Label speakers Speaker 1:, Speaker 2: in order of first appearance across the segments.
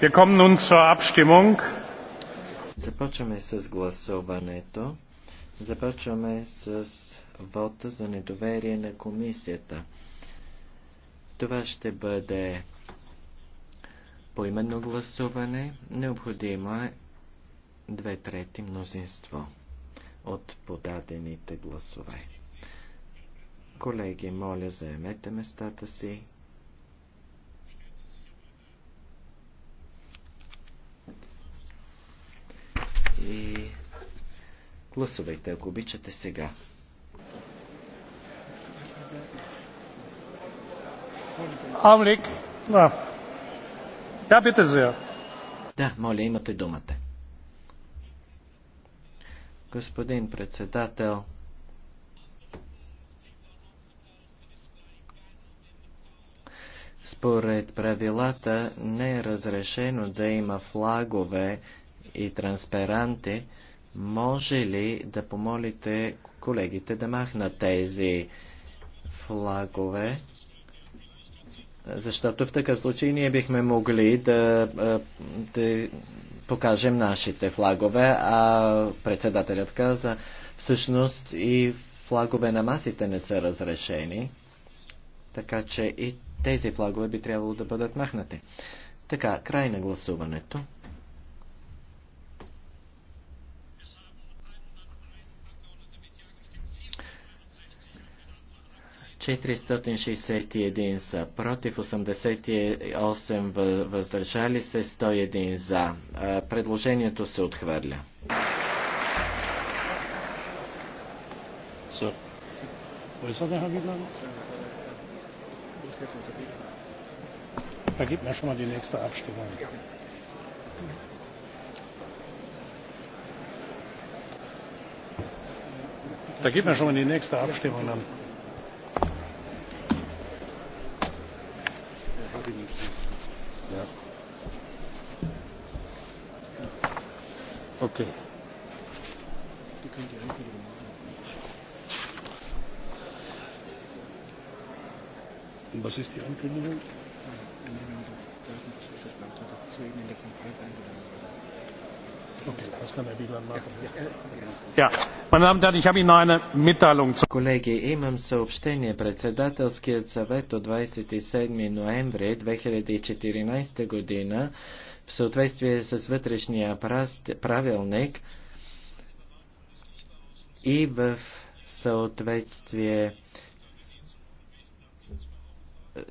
Speaker 1: Wir kommen nun zur Abstimmung. Започваме с гласуването. Започваме с вота за недоверие на комисията. Това ще бъде поименно гласуване. Необходимо е две трети мнозинство от подадените гласове. Колеги, моля, заемете местата си. Гласувайте, ако обичате сега. Амлик, да. Я за Да, моля, имате думата. Господин председател, Според правилата не е разрешено да има флагове и транспаранти може ли да помолите колегите да махнат тези флагове? Защото в такъв случай ние бихме могли да, да покажем нашите флагове, а председателят каза, всъщност и флагове на масите не са разрешени, така че и тези флагове би трябвало да бъдат махнати. Така, край на гласуването. 461 за, против 88 въздържали се, 101 за. Предложението се отхвърля. So. Da gibt mir schon mal die nächste Abstimmung. Da gibt mir schon mal die nächste Abstimmung an. Okay. Und was ist die Ankündigung? Ankündigung, dass das zu Ende vom Volk angenommen wurde. Колеги, имам съобщение. Председателският съвет от 27 ноември 2014 година в съответствие с вътрешния правилник и в съответствие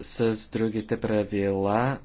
Speaker 1: с другите правила